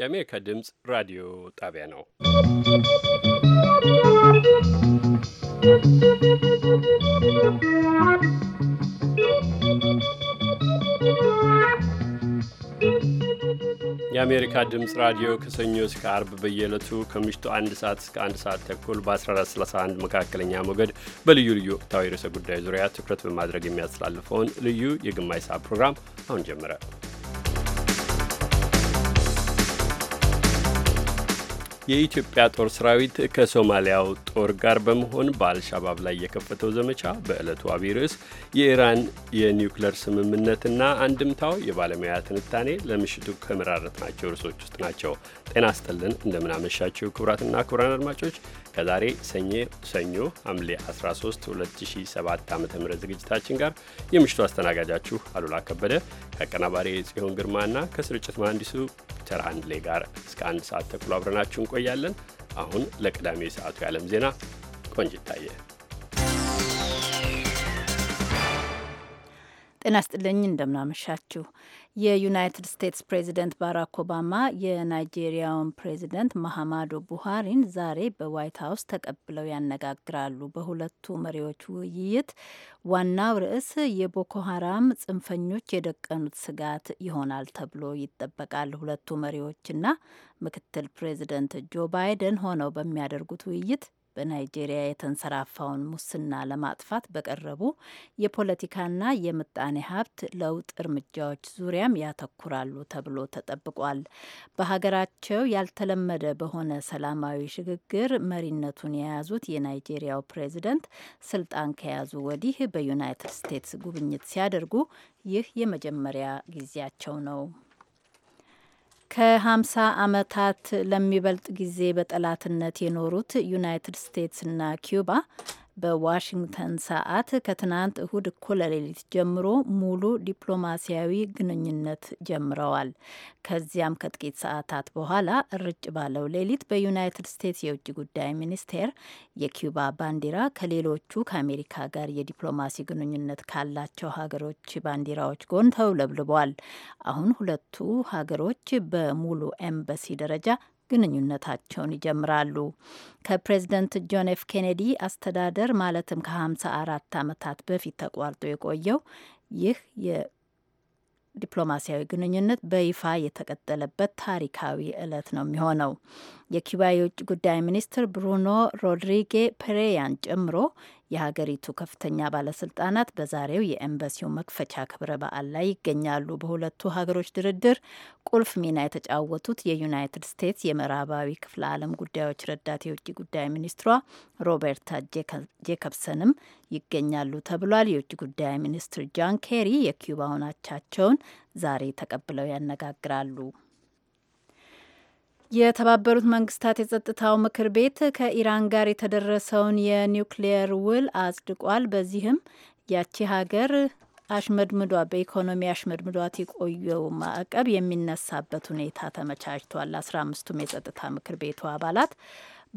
የአሜሪካ ድምፅ ራዲዮ ጣቢያ ነው። የአሜሪካ ድምፅ ራዲዮ ከሰኞ እስከ አርብ በየዕለቱ ከምሽቱ አንድ ሰዓት እስከ አንድ ሰዓት ተኩል በ1431 መካከለኛ ሞገድ በልዩ ልዩ ወቅታዊ ርዕሰ ጉዳይ ዙሪያ ትኩረት በማድረግ የሚያስተላልፈውን ልዩ የግማሽ ሰዓት ፕሮግራም አሁን ጀመረ። የኢትዮጵያ ጦር ሰራዊት ከሶማሊያው ጦር ጋር በመሆን በአልሻባብ ላይ የከፈተው ዘመቻ በዕለቱ አብይ ርዕስ የኢራን የኒውክለር ስምምነትና አንድምታው የባለሙያ ትንታኔ ለምሽቱ ከመራረጥናቸው ርዕሶች ውስጥ ናቸው። ጤና ስጥልን እንደምናመሻችው ክቡራትና ክቡራን አድማጮች ከዛሬ ሰኞ ሐምሌ 13 2007 ዓ ም ዝግጅታችን ጋር የምሽቱ አስተናጋጃችሁ አሉላ ከበደ ከአቀናባሪ ጽዮን ግርማና ከስርጭት መሐንዲሱ ፒተር ሃንድሌ ጋር እስከ አንድ ሰዓት ተኩሎ አብረናችሁ እንቆያለን። አሁን ለቅዳሜ ሰዓቱ የዓለም ዜና ቆንጅ ይታየ። ጤና ስጥልኝ እንደምናመሻችሁ የዩናይትድ ስቴትስ ፕሬዚደንት ባራክ ኦባማ የናይጄሪያውን ፕሬዚደንት መሐማዶ ቡሃሪን ዛሬ በዋይት ሀውስ ተቀብለው ያነጋግራሉ። በሁለቱ መሪዎች ውይይት ዋናው ርዕስ የቦኮ ሀራም ጽንፈኞች የደቀኑት ስጋት ይሆናል ተብሎ ይጠበቃል። ሁለቱ መሪዎችና ምክትል ፕሬዚደንት ጆ ባይደን ሆነው በሚያደርጉት ውይይት በናይጄሪያ የተንሰራፋውን ሙስና ለማጥፋት በቀረቡ የፖለቲካና የምጣኔ ሀብት ለውጥ እርምጃዎች ዙሪያም ያተኩራሉ ተብሎ ተጠብቋል። በሀገራቸው ያልተለመደ በሆነ ሰላማዊ ሽግግር መሪነቱን የያዙት የናይጄሪያው ፕሬዚደንት ስልጣን ከያዙ ወዲህ በዩናይትድ ስቴትስ ጉብኝት ሲያደርጉ ይህ የመጀመሪያ ጊዜያቸው ነው። ከ50 ዓመታት ለሚበልጥ ጊዜ በጠላትነት የኖሩት ዩናይትድ ስቴትስ እና ኪዩባ በዋሽንግተን ሰዓት ከትናንት እሁድ እኩለ ሌሊት ጀምሮ ሙሉ ዲፕሎማሲያዊ ግንኙነት ጀምረዋል። ከዚያም ከጥቂት ሰዓታት በኋላ እርጭ ባለው ሌሊት በዩናይትድ ስቴትስ የውጭ ጉዳይ ሚኒስቴር የኪዩባ ባንዲራ ከሌሎቹ ከአሜሪካ ጋር የዲፕሎማሲ ግንኙነት ካላቸው ሀገሮች ባንዲራዎች ጎን ተውለብልቧል። አሁን ሁለቱ ሀገሮች በሙሉ ኤምባሲ ደረጃ ግንኙነታቸውን ይጀምራሉ። ከፕሬዝደንት ጆን ኤፍ ኬኔዲ አስተዳደር ማለትም ከ54 ዓመታት በፊት ተቋርጦ የቆየው ይህ ዲፕሎማሲያዊ ግንኙነት በይፋ የተቀጠለበት ታሪካዊ ዕለት ነው የሚሆነው። የኪባ የውጭ ጉዳይ ሚኒስትር ብሩኖ ሮድሪጌ ፔሬያን ጨምሮ የሀገሪቱ ከፍተኛ ባለስልጣናት በዛሬው የኤምባሲው መክፈቻ ክብረ በዓል ላይ ይገኛሉ። በሁለቱ ሀገሮች ድርድር ቁልፍ ሚና የተጫወቱት የዩናይትድ ስቴትስ የምዕራባዊ ክፍለ ዓለም ጉዳዮች ረዳት የውጭ ጉዳይ ሚኒስትሯ ሮበርታ ጄኮብሰንም ይገኛሉ ተብሏል። የውጭ ጉዳይ ሚኒስትር ጃን ኬሪ የኪውባውን አቻቸውን ዛሬ ተቀብለው ያነጋግራሉ። የተባበሩት መንግስታት የጸጥታው ምክር ቤት ከኢራን ጋር የተደረሰውን የኒውክሊየር ውል አጽድቋል። በዚህም ያቺ ሀገር አሽመድምዷ በኢኮኖሚ አሽመድምዷት የቆየው ማዕቀብ የሚነሳበት ሁኔታ ተመቻችቷል። አስራ አምስቱም የጸጥታ ምክር ቤቱ አባላት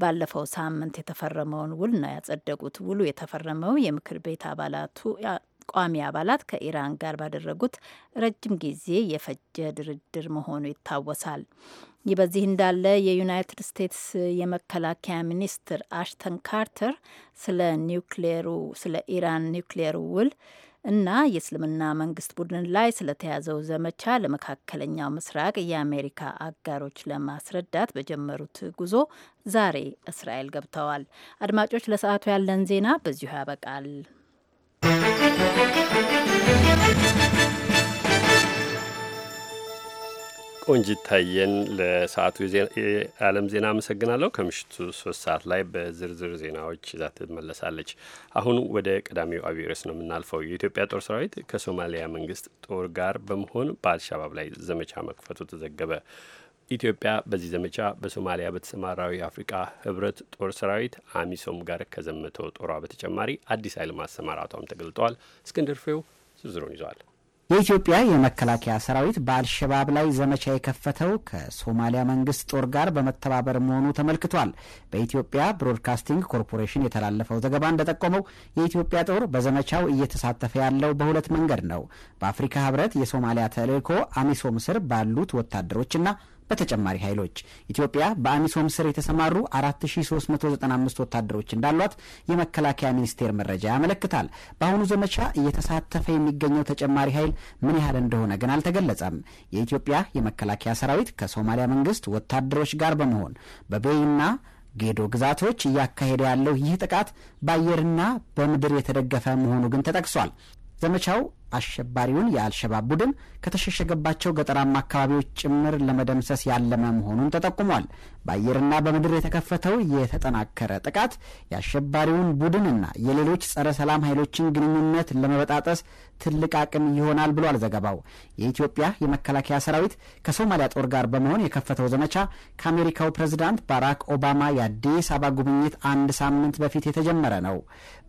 ባለፈው ሳምንት የተፈረመውን ውል ነው ያጸደቁት። ውሉ የተፈረመው የምክር ቤት አባላቱ ቋሚ አባላት ከኢራን ጋር ባደረጉት ረጅም ጊዜ የፈጀ ድርድር መሆኑ ይታወሳል። ይህ በዚህ እንዳለ የዩናይትድ ስቴትስ የመከላከያ ሚኒስትር አሽተን ካርተር ስለ ኒውክሌሩ ስለ ኢራን ኒውክሌሩ ውል እና የእስልምና መንግስት ቡድን ላይ ስለተያዘው ዘመቻ ለመካከለኛው ምስራቅ የአሜሪካ አጋሮች ለማስረዳት በጀመሩት ጉዞ ዛሬ እስራኤል ገብተዋል። አድማጮች፣ ለሰዓቱ ያለን ዜና በዚሁ ያበቃል። ቆንጅ ታየን ለሰዓቱ የዓለም ዜና አመሰግናለሁ። ከምሽቱ ሶስት ሰዓት ላይ በዝርዝር ዜናዎች ይዛ ትመለሳለች። አሁን ወደ ቀዳሚው አብይ ርዕስ ነው የምናልፈው። የኢትዮጵያ ጦር ሰራዊት ከሶማሊያ መንግስት ጦር ጋር በመሆን በአልሻባብ ላይ ዘመቻ መክፈቱ ተዘገበ። ኢትዮጵያ በዚህ ዘመቻ በሶማሊያ በተሰማራው የአፍሪቃ ህብረት ጦር ሰራዊት አሚሶም ጋር ከዘመተው ጦሯ በተጨማሪ አዲስ ኃይል ማሰማራቷም ተገልጧል። እስክንድር ፍሬው ዝርዝሩን ይዟል። የኢትዮጵያ የመከላከያ ሰራዊት በአልሸባብ ላይ ዘመቻ የከፈተው ከሶማሊያ መንግስት ጦር ጋር በመተባበር መሆኑ ተመልክቷል። በኢትዮጵያ ብሮድካስቲንግ ኮርፖሬሽን የተላለፈው ዘገባ እንደጠቆመው የኢትዮጵያ ጦር በዘመቻው እየተሳተፈ ያለው በሁለት መንገድ ነው። በአፍሪካ ህብረት የሶማሊያ ተልእኮ አሚሶም ስር ባሉት ወታደሮችና በተጨማሪ ኃይሎች ኢትዮጵያ በአሚሶም ስር የተሰማሩ 4395 ወታደሮች እንዳሏት የመከላከያ ሚኒስቴር መረጃ ያመለክታል። በአሁኑ ዘመቻ እየተሳተፈ የሚገኘው ተጨማሪ ኃይል ምን ያህል እንደሆነ ግን አልተገለጸም። የኢትዮጵያ የመከላከያ ሰራዊት ከሶማሊያ መንግስት ወታደሮች ጋር በመሆን በቤይና ጌዶ ግዛቶች እያካሄደ ያለው ይህ ጥቃት በአየርና በምድር የተደገፈ መሆኑ ግን ተጠቅሷል። ዘመቻው አሸባሪውን የአልሸባብ ቡድን ከተሸሸገባቸው ገጠራማ አካባቢዎች ጭምር ለመደምሰስ ያለመ መሆኑን ተጠቁሟል። በአየርና በምድር የተከፈተው የተጠናከረ ጥቃት የአሸባሪውን ቡድንና የሌሎች ጸረ ሰላም ኃይሎችን ግንኙነት ለመበጣጠስ ትልቅ አቅም ይሆናል ብሏል ዘገባው። የኢትዮጵያ የመከላከያ ሰራዊት ከሶማሊያ ጦር ጋር በመሆን የከፈተው ዘመቻ ከአሜሪካው ፕሬዝዳንት ባራክ ኦባማ የአዲስ አበባ ጉብኝት አንድ ሳምንት በፊት የተጀመረ ነው።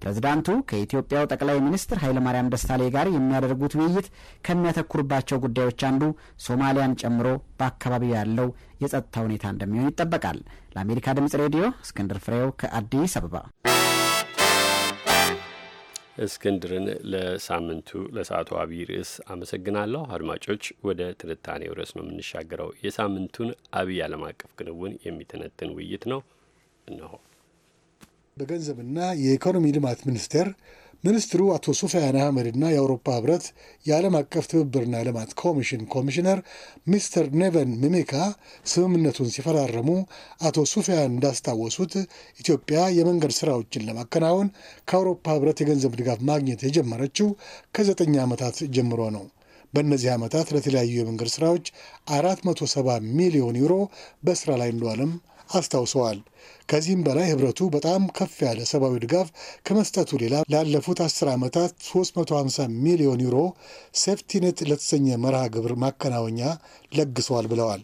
ፕሬዝዳንቱ ከኢትዮጵያው ጠቅላይ ሚኒስትር ኃይለማርያም ደስታሌ ጋር በሚያደርጉት ውይይት ከሚያተኩርባቸው ጉዳዮች አንዱ ሶማሊያን ጨምሮ በአካባቢው ያለው የጸጥታ ሁኔታ እንደሚሆን ይጠበቃል። ለአሜሪካ ድምጽ ሬዲዮ እስክንድር ፍሬው ከአዲስ አበባ። እስክንድርን ለሳምንቱ ለሰዓቱ አብይ ርዕስ አመሰግናለሁ። አድማጮች ወደ ትንታኔው ርዕስ ነው የምንሻገረው። የሳምንቱን አብይ ዓለም አቀፍ ክንውን የሚተነትን ውይይት ነው እነሆ። በገንዘብና የኢኮኖሚ ልማት ሚኒስቴር ሚኒስትሩ አቶ ሱፊያን አህመድና የአውሮፓ ህብረት የዓለም አቀፍ ትብብርና ልማት ኮሚሽን ኮሚሽነር ሚስተር ኔቨን ሚሚካ ስምምነቱን ሲፈራረሙ አቶ ሱፊያን እንዳስታወሱት ኢትዮጵያ የመንገድ ስራዎችን ለማከናወን ከአውሮፓ ህብረት የገንዘብ ድጋፍ ማግኘት የጀመረችው ከዘጠኝ ዓመታት ጀምሮ ነው። በእነዚህ ዓመታት ለተለያዩ የመንገድ ስራዎች 470 ሚሊዮን ዩሮ በስራ ላይ እንደዋለም አስታውሰዋል። ከዚህም በላይ ህብረቱ በጣም ከፍ ያለ ሰብአዊ ድጋፍ ከመስጠቱ ሌላ ላለፉት አስር ዓመታት 350 ሚሊዮን ዩሮ ሴፍቲኔት ለተሰኘ መርሃ ግብር ማከናወኛ ለግሰዋል ብለዋል።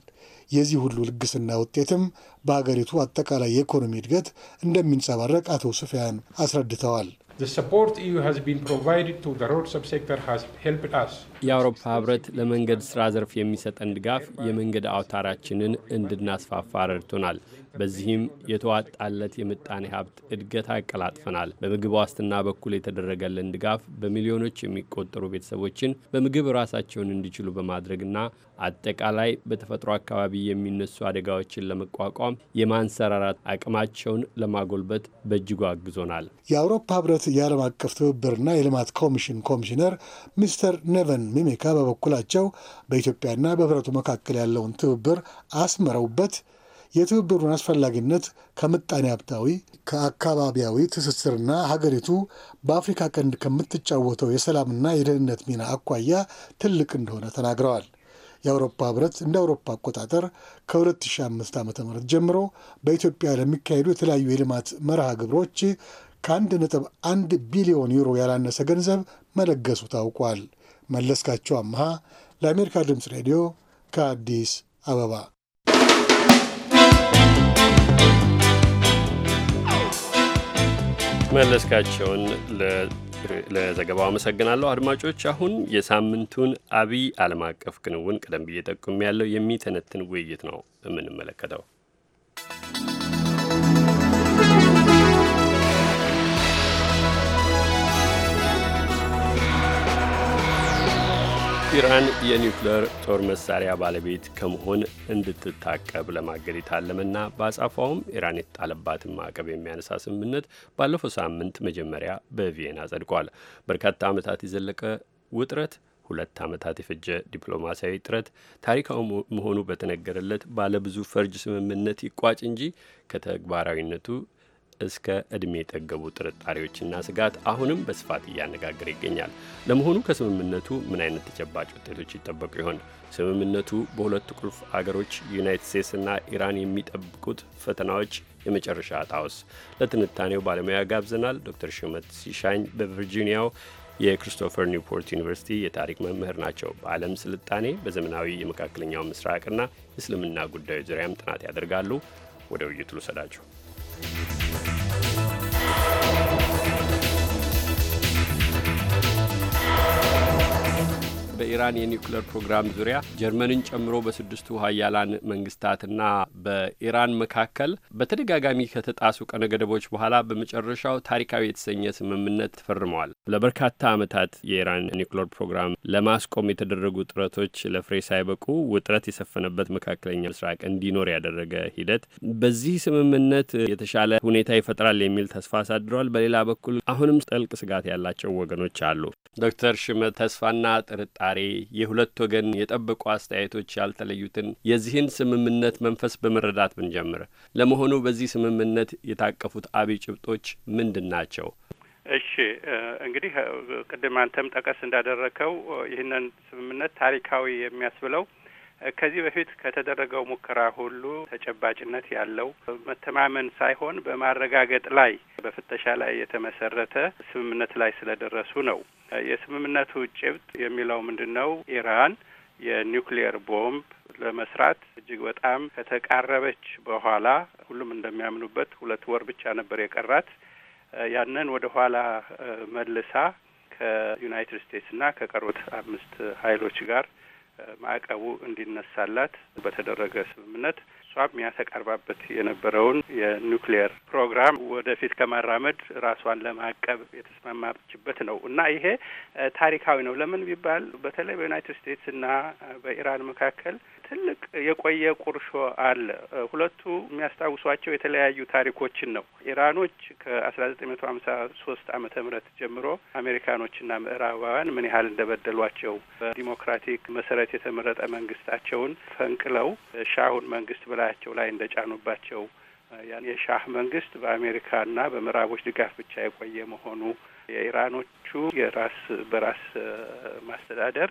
የዚህ ሁሉ ልግስና ውጤትም በአገሪቱ አጠቃላይ የኢኮኖሚ እድገት እንደሚንጸባረቅ አቶ ስፊያን አስረድተዋል። The support EU has been provided to the road subsector has helped us. የአውሮፓ ህብረት ለመንገድ ስራ ዘርፍ የሚሰጠን ድጋፍ የመንገድ አውታራችንን እንድናስፋፋ ረድቶናል። በዚህም የተዋጣለት የምጣኔ ሀብት እድገት አቀላጥፈናል። በምግብ ዋስትና በኩል የተደረገልን ድጋፍ በሚሊዮኖች የሚቆጠሩ ቤተሰቦችን በምግብ ራሳቸውን እንዲችሉ በማድረግና አጠቃላይ በተፈጥሮ አካባቢ የሚነሱ አደጋዎችን ለመቋቋም የማንሰራራት አቅማቸውን ለማጎልበት በእጅጉ አግዞናል። የአውሮፓ ህብረት የዓለም አቀፍ ትብብርና የልማት ኮሚሽን ኮሚሽነር ሚስተር ኔቨን ሚሜካ በበኩላቸው በኢትዮጵያና በህብረቱ መካከል ያለውን ትብብር አስምረውበት የትብብሩን አስፈላጊነት ከምጣኔ ሀብታዊ፣ ከአካባቢያዊ ትስስርና ሀገሪቱ በአፍሪካ ቀንድ ከምትጫወተው የሰላምና የደህንነት ሚና አኳያ ትልቅ እንደሆነ ተናግረዋል። የአውሮፓ ህብረት እንደ አውሮፓ አቆጣጠር ከ2005 ዓ ም ጀምሮ በኢትዮጵያ ለሚካሄዱ የተለያዩ የልማት መርሃ ግብሮች ከአንድ ነጥብ አንድ ቢሊዮን ዩሮ ያላነሰ ገንዘብ መለገሱ ታውቋል። መለስካቸው አምሃ ለአሜሪካ ድምፅ ሬዲዮ ከአዲስ አበባ መለስካቸውን ለዘገባው አመሰግናለሁ። አድማጮች፣ አሁን የሳምንቱን አብይ ዓለም አቀፍ ክንውን ቀደም ብዬ ጠቁም ያለው የሚተነትን ውይይት ነው የምንመለከተው። ኢራን የኒውክሌር ጦር መሳሪያ ባለቤት ከመሆን እንድትታቀብ ለማገድ የታለመና በአጻፋውም ኢራን የተጣለባትን ማዕቀብ የሚያነሳ ስምምነት ባለፈው ሳምንት መጀመሪያ በቪየና ጸድቋል። በርካታ ዓመታት የዘለቀ ውጥረት ሁለት ዓመታት የፈጀ ዲፕሎማሲያዊ ጥረት ታሪካዊ መሆኑ በተነገረለት ባለብዙ ፈርጅ ስምምነት ይቋጭ እንጂ ከተግባራዊነቱ እስከ ዕድሜ የጠገቡ ጥርጣሬዎችና ስጋት አሁንም በስፋት እያነጋገረ ይገኛል። ለመሆኑ ከስምምነቱ ምን አይነት ተጨባጭ ውጤቶች ይጠበቁ ይሆን? ስምምነቱ በሁለቱ ቁልፍ አገሮች ዩናይትድ ስቴትስና ኢራን የሚጠብቁት ፈተናዎች የመጨረሻ እጣውስ? ለትንታኔው ባለሙያ ጋብዘናል። ዶክተር ሽመት ሲሻኝ በቨርጂኒያው የክሪስቶፈር ኒውፖርት ዩኒቨርሲቲ የታሪክ መምህር ናቸው። በዓለም ስልጣኔ በዘመናዊ የመካከለኛው ምስራቅና እስልምና ጉዳዮች ዙሪያም ጥናት ያደርጋሉ። ወደ ውይይቱ ልውሰዳችሁ። በኢራን የኒውክሌር ፕሮግራም ዙሪያ ጀርመንን ጨምሮ በስድስቱ ሀያላን መንግስታትና በኢራን መካከል በተደጋጋሚ ከተጣሱ ቀነ ገደቦች በኋላ በመጨረሻው ታሪካዊ የተሰኘ ስምምነት ተፈርመዋል። ለበርካታ ዓመታት የኢራን ኒውክሌር ፕሮግራም ለማስቆም የተደረጉ ጥረቶች ለፍሬ ሳይበቁ ውጥረት የሰፈነበት መካከለኛ ምስራቅ እንዲኖር ያደረገ ሂደት በዚህ ስምምነት የተሻለ ሁኔታ ይፈጥራል የሚል ተስፋ አሳድረዋል። በሌላ በኩል አሁንም ጥልቅ ስጋት ያላቸው ወገኖች አሉ። ዶክተር ሽመ ተስፋና ጥርጣ ጥንካሬ የሁለት ወገን የጠበቁ አስተያየቶች ያልተለዩትን የዚህን ስምምነት መንፈስ በመረዳት ብንጀምር፣ ለመሆኑ በዚህ ስምምነት የታቀፉት አብይ ጭብጦች ምንድን ናቸው? እሺ እንግዲህ ቅድም አንተም ጠቀስ እንዳደረከው ይህንን ስምምነት ታሪካዊ የሚያስብለው ከዚህ በፊት ከተደረገው ሙከራ ሁሉ ተጨባጭነት ያለው መተማመን ሳይሆን በማረጋገጥ ላይ በፍተሻ ላይ የተመሰረተ ስምምነት ላይ ስለደረሱ ነው። የስምምነቱ ጭብጥ የሚለው ምንድን ነው? ኢራን የኒውክሊየር ቦምብ ለመስራት እጅግ በጣም ከተቃረበች በኋላ ሁሉም እንደሚያምኑበት ሁለት ወር ብቻ ነበር የቀራት። ያንን ወደ ኋላ መልሳ ከዩናይትድ ስቴትስና ከቀሩት አምስት ኃይሎች ጋር ማዕቀቡ እንዲነሳላት በተደረገ ስምምነት እሷም ያተቀርባበት የነበረውን የኒውክሊየር ፕሮግራም ወደፊት ከማራመድ ራሷን ለማቀብ የተስማማችበት ነው እና ይሄ ታሪካዊ ነው። ለምን ቢባል በተለይ በዩናይትድ ስቴትስ እና በኢራን መካከል ትልቅ የቆየ ቁርሾ አለ። ሁለቱ የሚያስታውሷቸው የተለያዩ ታሪኮችን ነው። ኢራኖች ከአስራ ዘጠኝ መቶ ሀምሳ ሶስት አመተ ምህረት ጀምሮ አሜሪካኖችና ምዕራባውያን ምን ያህል እንደበደሏቸው በዲሞክራቲክ መሰረት የተመረጠ መንግስታቸውን ፈንቅለው ሻሁን መንግስት በላያቸው ላይ እንደጫኑባቸው ያን የሻህ መንግስት በአሜሪካና በምዕራቦች ድጋፍ ብቻ የቆየ መሆኑ የኢራኖቹ የራስ በራስ ማስተዳደር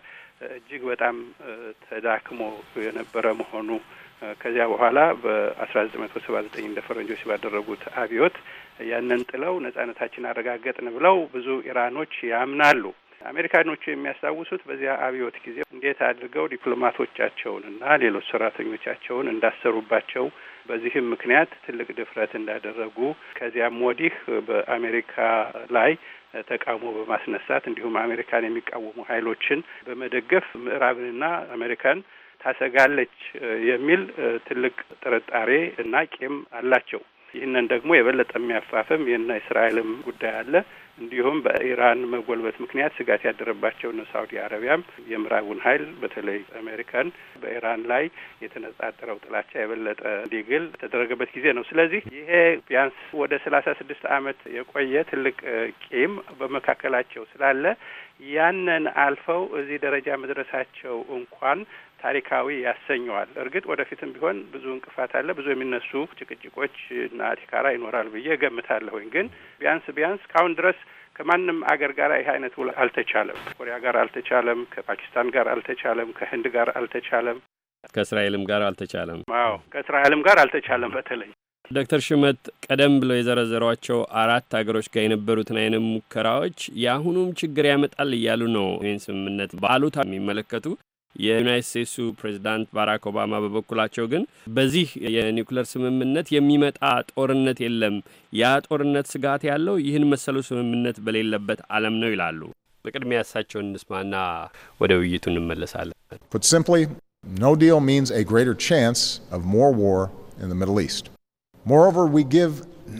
እጅግ በጣም ተዳክሞ የነበረ መሆኑ ከዚያ በኋላ በአስራ ዘጠኝ መቶ ሰባ ዘጠኝ እንደ ፈረንጆች ባደረጉት አብዮት ያንን ጥለው ነጻነታችን አረጋገጥን ብለው ብዙ ኢራኖች ያምናሉ። አሜሪካኖቹ የሚያስታውሱት በዚያ አብዮት ጊዜ እንዴት አድርገው ዲፕሎማቶቻቸውን እና ሌሎች ሰራተኞቻቸውን እንዳሰሩባቸው በዚህም ምክንያት ትልቅ ድፍረት እንዳደረጉ ከዚያም ወዲህ በአሜሪካ ላይ ተቃውሞ በማስነሳት እንዲሁም አሜሪካን የሚቃወሙ ኃይሎችን በመደገፍ ምዕራብንና አሜሪካን ታሰጋለች የሚል ትልቅ ጥርጣሬ እና ቂም አላቸው። ይህንን ደግሞ የበለጠ የሚያፋፍም የእነ እስራኤልም ጉዳይ አለ። እንዲሁም በኢራን መጎልበት ምክንያት ስጋት ያደረባቸው እነ ሳውዲ አረቢያም የምዕራቡን ኃይል በተለይ አሜሪካን በኢራን ላይ የተነጣጠረው ጥላቻ የበለጠ እንዲግል ተደረገበት ጊዜ ነው። ስለዚህ ይሄ ቢያንስ ወደ ሰላሳ ስድስት ዓመት የቆየ ትልቅ ቂም በመካከላቸው ስላለ ያንን አልፈው እዚህ ደረጃ መድረሳቸው እንኳን ታሪካዊ ያሰኘዋል። እርግጥ ወደፊትም ቢሆን ብዙ እንቅፋት አለ፣ ብዙ የሚነሱ ጭቅጭቆች እና ቲካራ ይኖራል ብዬ እገምታለሁኝ። ግን ቢያንስ ቢያንስ ካሁን ድረስ ከማንም አገር ጋር ይህ አይነት ውል አልተቻለም። ከኮሪያ ጋር አልተቻለም፣ ከፓኪስታን ጋር አልተቻለም፣ ከህንድ ጋር አልተቻለም፣ ከእስራኤልም ጋር አልተቻለም። አዎ ከእስራኤልም ጋር አልተቻለም። በተለይ ዶክተር ሽመት ቀደም ብለው የዘረዘሯቸው አራት ሀገሮች ጋር የነበሩትን አይነት ሙከራዎች የአሁኑም ችግር ያመጣል እያሉ ነው። ይህን ስምምነት በአሉታ የሚመለከቱ የዩናይት ስቴትሱ ፕሬዚዳንት ባራክ ኦባማ በበኩላቸው ግን በዚህ የኒውክለር ስምምነት የሚመጣ ጦርነት የለም፣ ያ ጦርነት ስጋት ያለው ይህን መሰሉ ስምምነት በሌለበት ዓለም ነው ይላሉ። በቅድሚያ እሳቸውን እንስማና ወደ ውይይቱ እንመለሳለን። Put simply, no deal means a greater chance of more war in the Middle East. Moreover, we give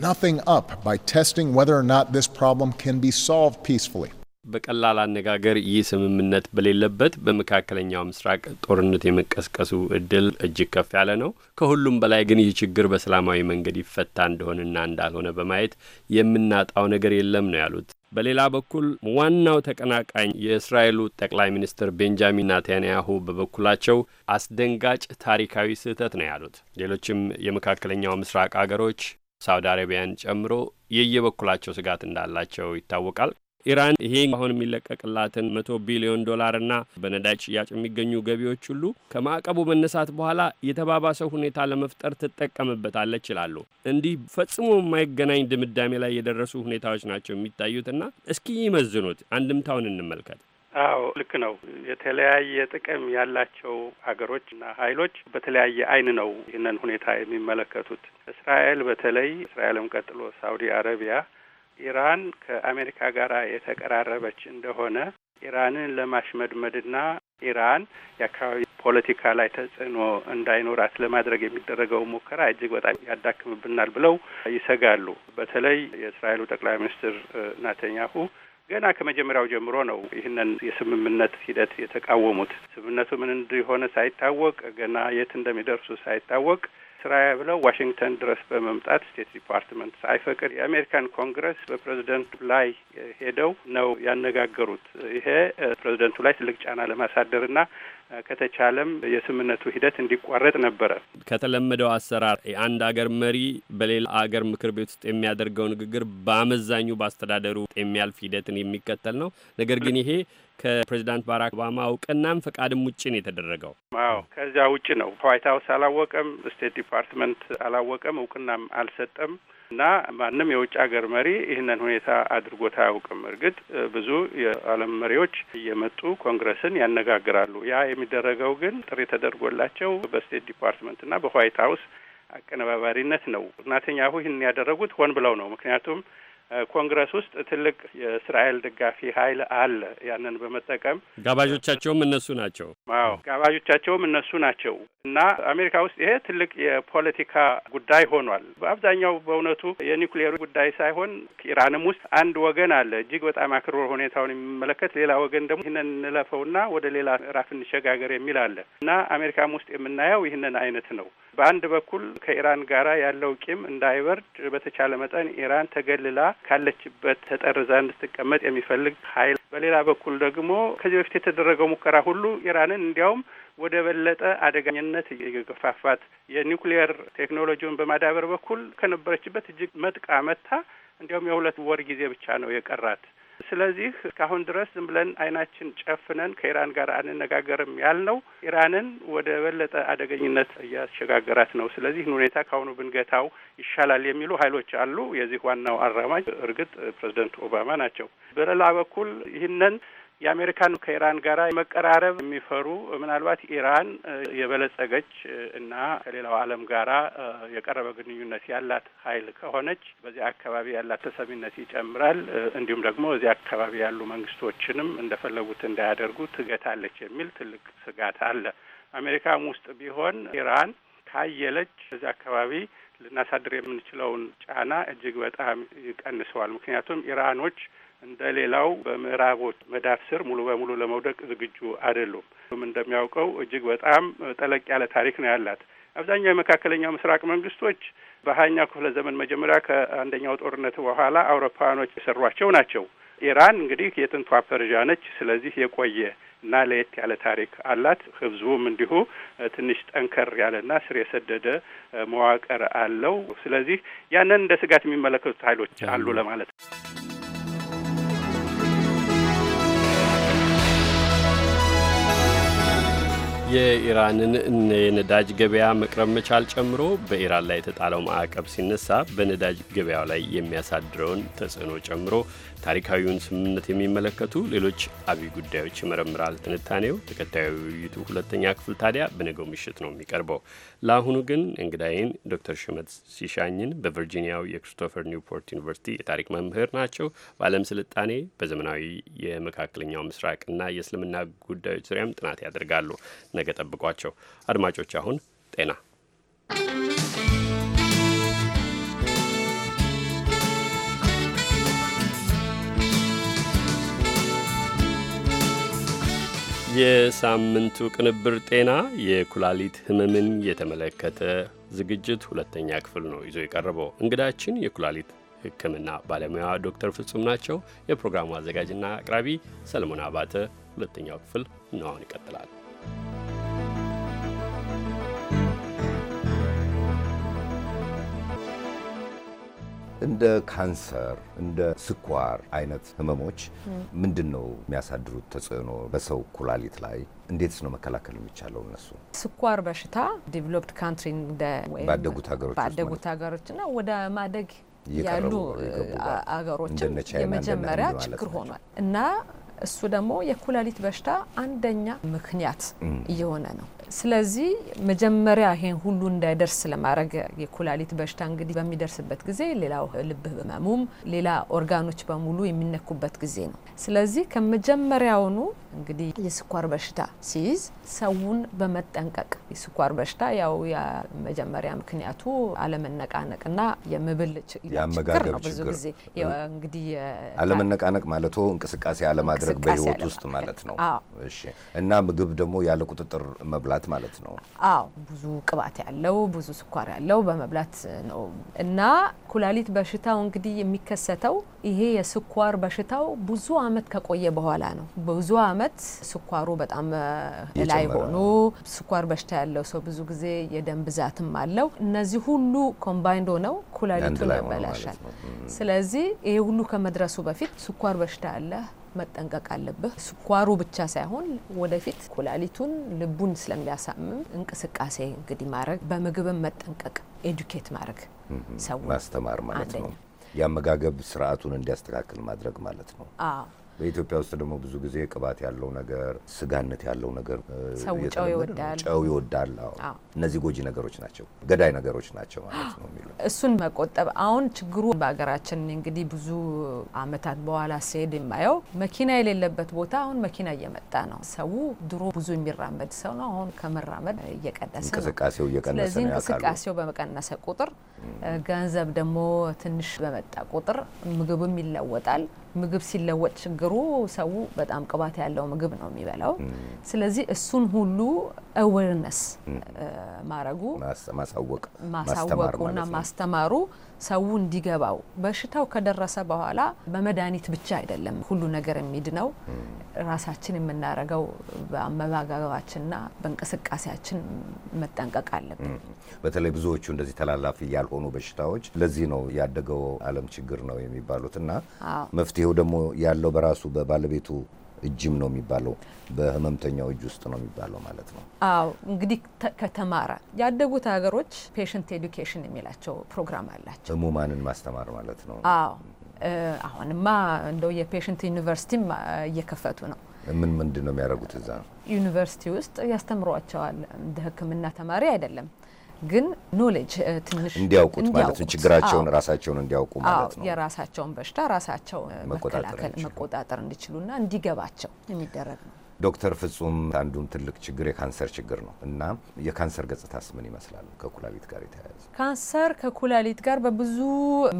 nothing up by testing whether or not this problem can be solved peacefully. በቀላል አነጋገር ይህ ስምምነት በሌለበት በመካከለኛው ምስራቅ ጦርነት የመቀስቀሱ እድል እጅግ ከፍ ያለ ነው። ከሁሉም በላይ ግን ይህ ችግር በሰላማዊ መንገድ ይፈታ እንደሆነና እንዳልሆነ በማየት የምናጣው ነገር የለም ነው ያሉት። በሌላ በኩል ዋናው ተቀናቃኝ የእስራኤሉ ጠቅላይ ሚኒስትር ቤንጃሚን ናታንያሁ በበኩላቸው አስደንጋጭ ታሪካዊ ስህተት ነው ያሉት። ሌሎችም የመካከለኛው ምስራቅ አገሮች ሳውዲ አረቢያን ጨምሮ የየበኩላቸው ስጋት እንዳላቸው ይታወቃል። ኢራን ይሄ አሁን የሚለቀቅላትን መቶ ቢሊዮን ዶላርና በነዳጅ ሽያጭ የሚገኙ ገቢዎች ሁሉ ከማዕቀቡ መነሳት በኋላ የተባባሰ ሁኔታ ለመፍጠር ትጠቀምበታለች ይላሉ። እንዲህ ፈጽሞ የማይገናኝ ድምዳሜ ላይ የደረሱ ሁኔታዎች ናቸው የሚታዩትና እስኪ ይመዝኑት፣ አንድምታውን እንመልከት። አዎ ልክ ነው። የተለያየ ጥቅም ያላቸው ሀገሮች እና ሀይሎች በተለያየ አይን ነው ይህንን ሁኔታ የሚመለከቱት። እስራኤል በተለይ እስራኤልም ቀጥሎ ሳውዲ አረቢያ ኢራን ከአሜሪካ ጋር የተቀራረበች እንደሆነ ኢራንን ለማሽመድመድና ኢራን የአካባቢ ፖለቲካ ላይ ተጽዕኖ እንዳይኖራት ለማድረግ የሚደረገው ሙከራ እጅግ በጣም ያዳክምብናል ብለው ይሰጋሉ። በተለይ የእስራኤሉ ጠቅላይ ሚኒስትር ናተኛሁ ገና ከመጀመሪያው ጀምሮ ነው ይህንን የስምምነት ሂደት የተቃወሙት። ስምምነቱ ምን እንደሆነ ሳይታወቅ ገና የት እንደሚደርሱ ሳይታወቅ ስራ ብለው ዋሽንግተን ድረስ በመምጣት ስቴት ዲፓርትመንት ሳይፈቅድ የአሜሪካን ኮንግረስ በፕሬዚደንቱ ላይ ሄደው ነው ያነጋገሩት። ይሄ ፕሬዚደንቱ ላይ ትልቅ ጫና ለማሳደርና ከተቻለም የስምምነቱ ሂደት እንዲቋረጥ ነበረ። ከተለመደው አሰራር የአንድ አገር መሪ በሌላ አገር ምክር ቤት ውስጥ የሚያደርገው ንግግር በአመዛኙ በአስተዳደሩ የሚያልፍ ሂደትን የሚከተል ነው። ነገር ግን ይሄ ከፕሬዚዳንት ባራክ ኦባማ እውቅናም ፈቃድም ውጭ ነው የተደረገው። አዎ ከዚያ ውጭ ነው። ዋይት ሀውስ አላወቀም፣ ስቴት ዲፓርትመንት አላወቀም፣ እውቅናም አልሰጠም። እና ማንም የውጭ ሀገር መሪ ይህንን ሁኔታ አድርጎት አያውቅም። እርግጥ ብዙ የዓለም መሪዎች እየመጡ ኮንግረስን ያነጋግራሉ። ያ የሚደረገው ግን ጥሪ ተደርጎላቸው በስቴት ዲፓርትመንት እና በዋይት ሀውስ አቀነባባሪነት ነው። እናተኛሁ ይህን ያደረጉት ሆን ብለው ነው። ምክንያቱም ኮንግረስ ውስጥ ትልቅ የእስራኤል ደጋፊ ኃይል አለ። ያንን በመጠቀም ጋባዦቻቸውም እነሱ ናቸው። አዎ ጋባዦቻቸውም እነሱ ናቸው እና አሜሪካ ውስጥ ይሄ ትልቅ የፖለቲካ ጉዳይ ሆኗል። በአብዛኛው በእውነቱ የኒውክሌሩ ጉዳይ ሳይሆን ኢራንም ውስጥ አንድ ወገን አለ እጅግ በጣም አክርሮ ሁኔታውን የሚመለከት ሌላ ወገን ደግሞ ይህንን እንለፈውና ወደ ሌላ ምዕራፍ እንሸጋገር የሚል አለ እና አሜሪካም ውስጥ የምናየው ይህንን አይነት ነው። በአንድ በኩል ከኢራን ጋራ ያለው ቂም እንዳይበርድ በተቻለ መጠን ኢራን ተገልላ ካለችበት ተጠርዛ እንድትቀመጥ የሚፈልግ ኃይል፣ በሌላ በኩል ደግሞ ከዚህ በፊት የተደረገው ሙከራ ሁሉ ኢራንን እንዲያውም ወደ በለጠ አደገኝነት የገፋፋት የኒውክሊየር ቴክኖሎጂውን በማዳበር በኩል ከነበረችበት እጅግ መጥቃ መታ እንዲያውም የሁለት ወር ጊዜ ብቻ ነው የቀራት። ስለዚህ እስካሁን ድረስ ዝም ብለን አይናችን ጨፍነን ከኢራን ጋር አንነጋገርም ያልነው ኢራንን ወደ በለጠ አደገኝነት እያሸጋገራት ነው። ስለዚህን ሁኔታ ከአሁኑ ብንገታው ይሻላል የሚሉ ኃይሎች አሉ። የዚህ ዋናው አራማጅ እርግጥ ፕሬዚደንት ኦባማ ናቸው። በሌላ በኩል ይህንን የአሜሪካን ከኢራን ጋር መቀራረብ የሚፈሩ ምናልባት ኢራን የበለጸገች እና ከሌላው ዓለም ጋራ የቀረበ ግንኙነት ያላት ኃይል ከሆነች በዚህ አካባቢ ያላት ተሰሚነት ይጨምራል። እንዲሁም ደግሞ እዚህ አካባቢ ያሉ መንግስቶችንም እንደፈለጉት እንዳያደርጉ ትገታለች የሚል ትልቅ ስጋት አለ። አሜሪካም ውስጥ ቢሆን ኢራን ካየለች እዚህ አካባቢ ልናሳድር የምንችለውን ጫና እጅግ በጣም ይቀንሰዋል። ምክንያቱም ኢራኖች እንደ ሌላው በምዕራቦች መዳፍ ስር ሙሉ በሙሉ ለመውደቅ ዝግጁ አይደሉም። እንደሚያውቀው እጅግ በጣም ጠለቅ ያለ ታሪክ ነው ያላት። አብዛኛው የመካከለኛው ምስራቅ መንግስቶች በሀያኛው ክፍለ ዘመን መጀመሪያ ከአንደኛው ጦርነት በኋላ አውሮፓውያኖች የሰሯቸው ናቸው። ኢራን እንግዲህ የጥንቷ ፐርዣ ነች። ስለዚህ የቆየ እና ለየት ያለ ታሪክ አላት። ህዝቡም እንዲሁ ትንሽ ጠንከር ያለና ስር የሰደደ መዋቅር አለው። ስለዚህ ያንን እንደ ስጋት የሚመለከቱት ኃይሎች አሉ ለማለት ነው። የኢራንን የነዳጅ ገበያ መቅረብ መቻል ጨምሮ በኢራን ላይ የተጣለው ማዕቀብ ሲነሳ በነዳጅ ገበያው ላይ የሚያሳድረውን ተጽዕኖ ጨምሮ ታሪካዊውን ስምምነት የሚመለከቱ ሌሎች አብይ ጉዳዮች ይመረምራል ትንታኔው። ተከታዩ ውይይቱ ሁለተኛ ክፍል ታዲያ በነገው ምሽት ነው የሚቀርበው። ለአሁኑ ግን እንግዳይን ዶክተር ሽመት ሲሻኝን በቨርጂኒያው የክሪስቶፈር ኒውፖርት ዩኒቨርሲቲ የታሪክ መምህር ናቸው። በዓለም ስልጣኔ በዘመናዊ የመካከለኛው ምስራቅና የእስልምና ጉዳዮች ዙሪያም ጥናት ያደርጋሉ። ነገ ጠብቋቸው። አድማጮች፣ አሁን ጤና የሳምንቱ ቅንብር ጤና የኩላሊት ህመምን የተመለከተ ዝግጅት ሁለተኛ ክፍል ነው ይዞ የቀረበው። እንግዳችን የኩላሊት ሕክምና ባለሙያ ዶክተር ፍጹም ናቸው። የፕሮግራሙ አዘጋጅና አቅራቢ ሰለሞን አባተ። ሁለተኛው ክፍል ነው አሁን ይቀጥላል። እንደ ካንሰር እንደ ስኳር አይነት ህመሞች ምንድን ነው የሚያሳድሩት ተጽዕኖ በሰው ኩላሊት ላይ? እንዴትስ ነው መከላከል የሚቻለው? እነሱ ስኳር በሽታ ዲቨሎፕድ ካንትሪ ባደጉት ሀገሮችና ወደ ማደግ ያሉ አገሮችም የመጀመሪያ ችግር ሆኗል እና እሱ ደግሞ የኩላሊት በሽታ አንደኛ ምክንያት እየሆነ ነው። ስለዚህ መጀመሪያ ይሄን ሁሉ እንዳይደርስ ለማድረግ የኩላሊት በሽታ እንግዲህ በሚደርስበት ጊዜ ሌላው ልብ ህመሙም ሌላ ኦርጋኖች በሙሉ የሚነኩበት ጊዜ ነው። ስለዚህ ከመጀመሪያውኑ እንግዲህ የስኳር በሽታ ሲይዝ ሰውን በመጠንቀቅ የስኳር በሽታ ያው የመጀመሪያ ምክንያቱ አለመነቃነቅና የምብል ችግር ነው። ብዙ ጊዜ እንግዲህ አለመነቃነቅ ማለት እንቅስቃሴ አለማድረግ በህይወት ውስጥ ማለት ነው እና ምግብ ደግሞ ያለ ቁጥጥር መብላት ቅባት ማለት ነው። አዎ ብዙ ቅባት ያለው ብዙ ስኳር ያለው በመብላት ነው እና ኩላሊት በሽታው እንግዲህ የሚከሰተው ይሄ የስኳር በሽታው ብዙ አመት ከቆየ በኋላ ነው። ብዙ አመት ስኳሩ በጣም ላይ ሆኖ ስኳር በሽታ ያለው ሰው ብዙ ጊዜ የደም ብዛትም አለው። እነዚህ ሁሉ ኮምባይንድ ሆነው ኩላሊቱን ያበላሻል። ስለዚህ ይሄ ሁሉ ከመድረሱ በፊት ስኳር በሽታ አለ መጠንቀቅ አለብህ። ስኳሩ ብቻ ሳይሆን ወደፊት ኩላሊቱን፣ ልቡን ስለሚያሳምም እንቅስቃሴ እንግዲህ ማድረግ፣ በምግብም መጠንቀቅ፣ ኤዱኬት ማድረግ ሰው ማስተማር ማለት ነው። የአመጋገብ ስርዓቱን እንዲያስተካክል ማድረግ ማለት ነው። በኢትዮጵያ ውስጥ ደግሞ ብዙ ጊዜ ቅባት ያለው ነገር፣ ስጋነት ያለው ነገር ጨው ይወዳል ጨው እነዚህ ጎጂ ነገሮች ናቸው፣ ገዳይ ነገሮች ናቸው ማለት ነው የሚለው እሱን መቆጠብ። አሁን ችግሩ በሀገራችን እንግዲህ ብዙ አመታት በኋላ ሲሄድ የማየው መኪና የሌለበት ቦታ አሁን መኪና እየመጣ ነው። ሰው ድሮ ብዙ የሚራመድ ሰው ነው፣ አሁን ከመራመድ እየቀነሰ ነው፣ እንቅስቃሴው እየቀነሰ ስለዚህ እንቅስቃሴው በመቀነሰ ቁጥር ገንዘብ ደግሞ ትንሽ በመጣ ቁጥር ምግብም ይለወጣል። ምግብ ሲለወጥ ችግሩ ሰው በጣም ቅባት ያለው ምግብ ነው የሚበላው። ስለዚህ እሱን ሁሉ አዌርነስ ማረጉ ማሳወቁና ማስተማሩ ሰው እንዲገባው በሽታው ከደረሰ በኋላ በመድኃኒት ብቻ አይደለም ሁሉ ነገር የሚድነው። ራሳችን የምናደርገው በአመጋገባችንና በእንቅስቃሴያችን መጠንቀቅ አለብን። በተለይ ብዙዎቹ እንደዚህ ተላላፊ ያልሆኑ በሽታዎች ለዚህ ነው ያደገው ዓለም ችግር ነው የሚባሉት እና መፍትሄው ደግሞ ያለው በራሱ በባለቤቱ እጅም ነው የሚባለው፣ በህመምተኛው እጅ ውስጥ ነው የሚባለው ማለት ነው። አዎ እንግዲህ ከተማረ ያደጉት ሀገሮች ፔሽንት ኤዱኬሽን የሚላቸው ፕሮግራም አላቸው። ህሙማንን ማስተማር ማለት ነው። አዎ አሁንማ እንደው የፔሽንት ዩኒቨርሲቲም እየከፈቱ ነው። ምን ምንድን ነው የሚያደርጉት እዛ ዩኒቨርሲቲ ውስጥ ያስተምሯቸዋል። እንደ ህክምና ተማሪ አይደለም ግን ኖሌጅ ትንሽ እንዲያውቁት ማለት ነው። ችግራቸውን ራሳቸውን እንዲያውቁ ማለት ነው። የራሳቸውን በሽታ ራሳቸው መቆጣጠር እንዲችሉና እንዲገባቸው የሚደረግ ነው። ዶክተር ፍጹም አንዱን ትልቅ ችግር የካንሰር ችግር ነው እና የካንሰር ገጽታስ ምን ይመስላል? ከኩላሊት ጋር የተያያዘ ካንሰር ከኩላሊት ጋር በብዙ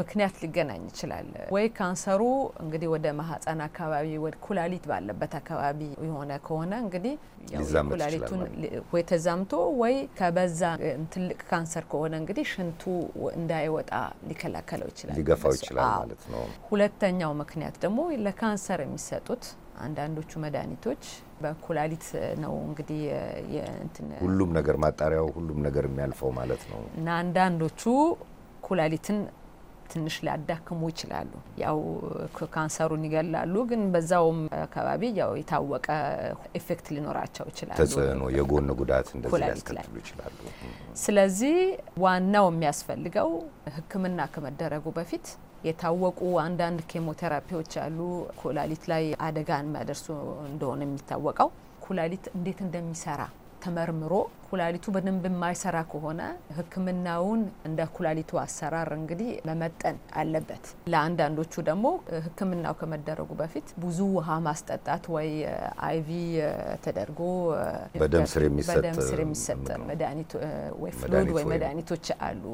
ምክንያት ሊገናኝ ይችላል። ወይ ካንሰሩ እንግዲህ ወደ ማህፀን አካባቢ ወደ ኩላሊት ባለበት አካባቢ የሆነ ከሆነ እንግዲህ ኩላሊቱን ወይ ተዛምቶ ወይ ከበዛ ትልቅ ካንሰር ከሆነ እንግዲህ ሽንቱ እንዳይወጣ ሊከላከለው ይችላል፣ ሊገፋው ይችላል ማለት ነው። ሁለተኛው ምክንያት ደግሞ ለካንሰር የሚሰጡት አንዳንዶቹ መድኃኒቶች በኩላሊት ነው እንግዲህ ሁሉም ነገር ማጣሪያው ሁሉም ነገር የሚያልፈው ማለት ነው እና አንዳንዶቹ ኩላሊትን ትንሽ ሊያዳክሙ ይችላሉ። ያው ካንሰሩን ይገላሉ፣ ግን በዛውም አካባቢ ያው የታወቀ ኢፌክት ሊኖራቸው ይችላሉ። ተጽዕኖ፣ የጎን ጉዳት እንደዚህ ሊያስከትሉ ይችላሉ። ስለዚህ ዋናው የሚያስፈልገው ሕክምና ከመደረጉ በፊት የታወቁ አንዳንድ ኬሞቴራፒዎች አሉ ኩላሊት ላይ አደጋን የሚያደርሱ እንደሆነ የሚታወቀው ኩላሊት እንዴት እንደሚሰራ ተመርምሮ ኩላሊቱ በደንብ የማይሰራ ከሆነ ሕክምናውን እንደ ኩላሊቱ አሰራር እንግዲህ መመጠን አለበት። ለአንዳንዶቹ ደግሞ ሕክምናው ከመደረጉ በፊት ብዙ ውሃ ማስጠጣት ወይ አይቪ ተደርጎ በደም ስር የሚሰጥ ወይ ፍሉድ ወይ መድኃኒቶች አሉ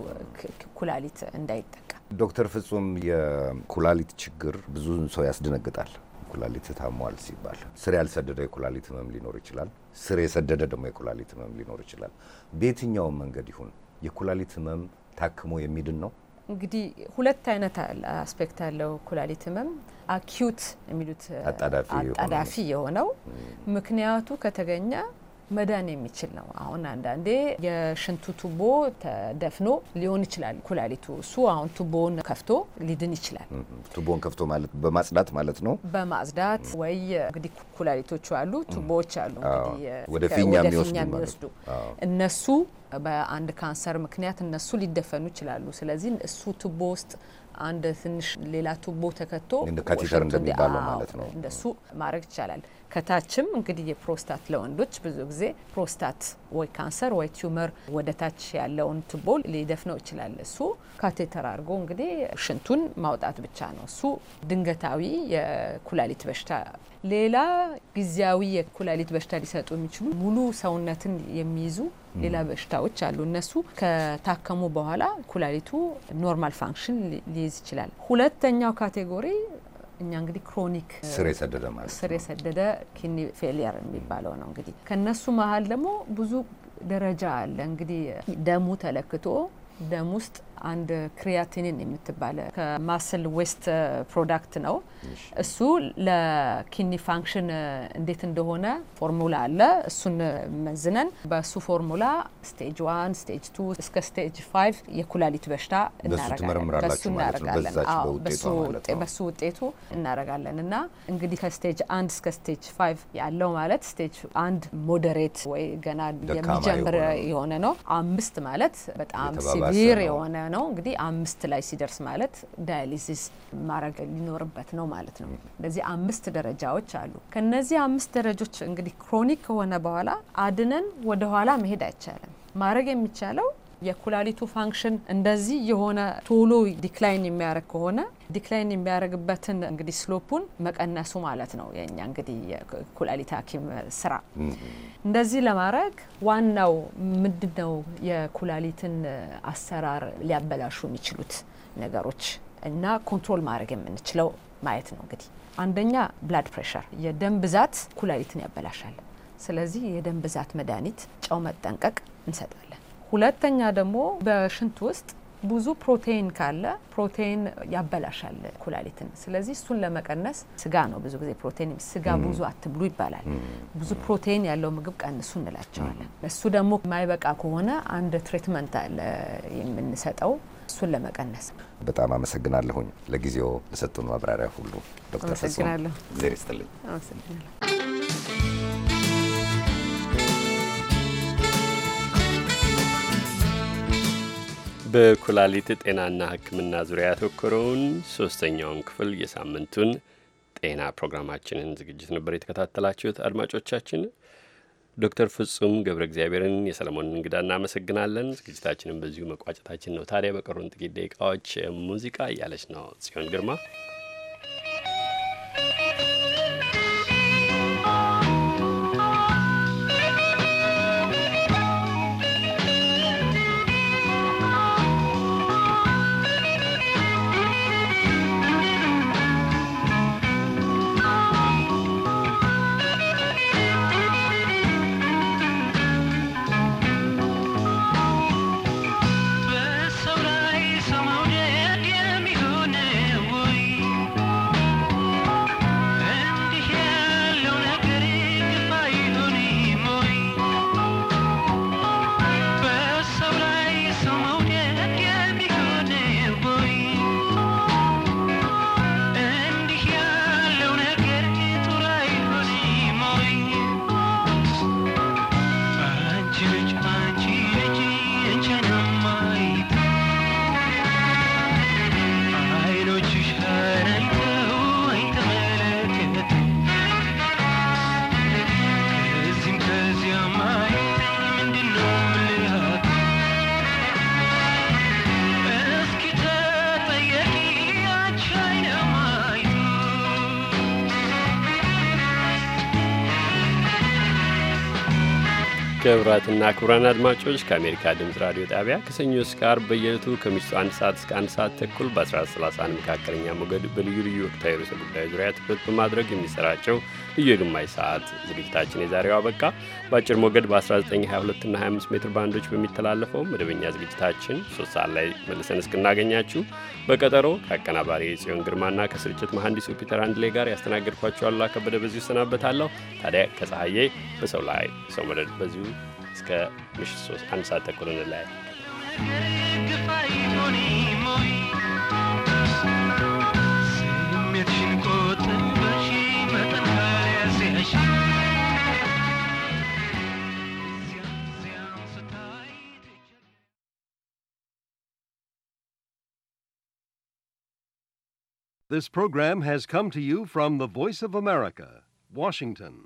ኩላሊት እንዳይጠቃ። ዶክተር ፍጹም የኩላሊት ችግር ብዙ ሰው ያስደነግጣል። ኩላሊት ታሟል ሲባል ስር ያልሰደደ የኩላሊት ህመም ሊኖር ይችላል። ስር የሰደደ ደግሞ የኩላሊት ህመም ሊኖር ይችላል። በየትኛውም መንገድ ይሁን የኩላሊት ህመም ታክሞ የሚድን ነው። እንግዲህ ሁለት አይነት አስፔክት ያለው ኩላሊት ህመም አኪዩት የሚሉት አጣዳፊ የሆነው ምክንያቱ ከተገኘ መዳን የሚችል ነው። አሁን አንዳንዴ የሽንቱ ቱቦ ተደፍኖ ሊሆን ይችላል ኩላሊቱ። እሱ አሁን ቱቦውን ከፍቶ ሊድን ይችላል። ቱቦን ከፍቶ ማለት በማጽዳት ማለት ነው። በማጽዳት ወይ እንግዲህ ኩላሊቶቹ አሉ፣ ቱቦዎች አሉ ወደ ፊኛ የሚወስዱ እነሱ በአንድ ካንሰር ምክንያት እነሱ ሊደፈኑ ይችላሉ። ስለዚህ እሱ ቱቦ ውስጥ አንድ ትንሽ ሌላ ቱቦ ተከቶ ካቴተር እንደሚባለው ማለት ነው እንደሱ ማድረግ ይቻላል። ከታችም እንግዲህ የፕሮስታት ለወንዶች ብዙ ጊዜ ፕሮስታት ወይ ካንሰር ወይ ቲዩመር ወደ ታች ያለውን ቱቦ ሊደፍነው ይችላል። እሱ ካቴተር አድርጎ እንግዲህ ሽንቱን ማውጣት ብቻ ነው። እሱ ድንገታዊ የኩላሊት በሽታ። ሌላ ጊዜያዊ የኩላሊት በሽታ ሊሰጡ የሚችሉ ሙሉ ሰውነትን የሚይዙ ሌላ በሽታዎች አሉ። እነሱ ከታከሙ በኋላ ኩላሊቱ ኖርማል ፋንክሽን ሊይዝ ይችላል። ሁለተኛው ካቴጎሪ እኛ እንግዲህ ክሮኒክ ስር የሰደደ ማለት ስር የሰደደ ኪኒ ፌሊየር የሚባለው ነው። እንግዲህ ከነሱ መሀል ደግሞ ብዙ ደረጃ አለ። እንግዲህ ደሙ ተለክቶ ደም ውስጥ አንድ ክሪያቲኒን የምትባለ ከማስል ዌስት ፕሮዳክት ነው። እሱ ለኪኒ ፋንክሽን እንዴት እንደሆነ ፎርሙላ አለ። እሱን መዝነን በሱ ፎርሙላ ስቴጅ ዋን፣ ስቴጅ ቱ እስከ ስቴጅ ፋይቭ የኩላሊት በሽታ እናረጋለን። በሱ ውጤቱ እናረጋለን እና እንግዲህ ከስቴጅ አንድ እስከ ስቴጅ ፋይቭ ያለው ማለት ስቴጅ አንድ ሞዴሬት ወይ ገና የሚጀምር የሆነ ነው። አምስት ማለት በጣም ሲቪር የሆነ ነው። እንግዲህ አምስት ላይ ሲደርስ ማለት ዳያሊሲስ ማድረግ ሊኖርበት ነው ማለት ነው። እንደዚህ አምስት ደረጃዎች አሉ። ከነዚህ አምስት ደረጃዎች እንግዲህ ክሮኒክ ከሆነ በኋላ አድነን ወደኋላ መሄድ አይቻልም። ማድረግ የሚቻለው የኩላሊቱ ፋንክሽን እንደዚህ የሆነ ቶሎ ዲክላይን የሚያደርግ ከሆነ ዲክላይን የሚያደርግበትን እንግዲህ ስሎፑን መቀነሱ ማለት ነው። የኛ እንግዲህ የኩላሊት ሀኪም ስራ እንደዚህ ለማድረግ ዋናው ምንድን ነው የኩላሊትን አሰራር ሊያበላሹ የሚችሉት ነገሮች እና ኮንትሮል ማድረግ የምንችለው ማየት ነው። እንግዲህ አንደኛ ብላድ ፕሬሸር፣ የደም ብዛት ኩላሊትን ያበላሻል። ስለዚህ የደም ብዛት መድኃኒት ጨው መጠንቀቅ እንሰጣለን። ሁለተኛ ደግሞ በሽንት ውስጥ ብዙ ፕሮቴይን ካለ ፕሮቴይን ያበላሻል ኩላሊትን። ስለዚህ እሱን ለመቀነስ ስጋ ነው ብዙ ጊዜ ፕሮቴይን፣ ስጋ ብዙ አትብሉ ይባላል። ብዙ ፕሮቴይን ያለው ምግብ ቀንሱ እንላቸዋለን። እሱ ደግሞ የማይበቃ ከሆነ አንድ ትሪትመንት አለ የምንሰጠው እሱን ለመቀነስ። በጣም አመሰግናለሁኝ ለጊዜው ለሰጡን ማብራሪያ ሁሉ ዶክተር አመሰግናለሁ። በኩላሊት ጤናና ሕክምና ዙሪያ ያተኮረውን ሶስተኛውን ክፍል የሳምንቱን ጤና ፕሮግራማችንን ዝግጅት ነበር የተከታተላችሁት። አድማጮቻችን ዶክተር ፍጹም ገብረ እግዚአብሔርን የሰለሞንን እንግዳ እናመሰግናለን። ዝግጅታችንን በዚሁ መቋጨታችን ነው። ታዲያ በቀሩን ጥቂት ደቂቃዎች ሙዚቃ እያለች ነው ጽዮን ግርማ ክቡራትና ክቡራን አድማጮች ከአሜሪካ ድምፅ ራዲዮ ጣቢያ ከሰኞ እስከ ዓርብ በየዕለቱ ከምሽቱ አንድ ሰዓት እስከ አንድ ሰዓት ተኩል በ 1131 መካከለኛ ሞገድ በልዩ ልዩ ወቅታዊ ርዕሰ ጉዳይ ዙሪያ ትኩረት በማድረግ የሚሰራጨው ልዩ የግማሽ ሰዓት ዝግጅታችን የዛሬው አበቃ። በአጭር ሞገድ በ 1922 እና 25 ሜትር ባንዶች በሚተላለፈው መደበኛ ዝግጅታችን ሶስት ሰዓት ላይ መልሰን እስክናገኛችሁ በቀጠሮ ከአቀናባሪ ጽዮን ግርማና ከስርጭት መሐንዲሱ ፒተር አንድሌ ጋር ያስተናገድኳቸኋሉ አከበደ ከበደ በዚሁ እሰናበታለሁ። ታዲያ ከፀሐዬ በሰው ላይ ሰው መደድ በዚሁ እስከ ምሽት ሶስት አንድ ሰዓት ተኩል This program has come to you from the Voice of America, Washington.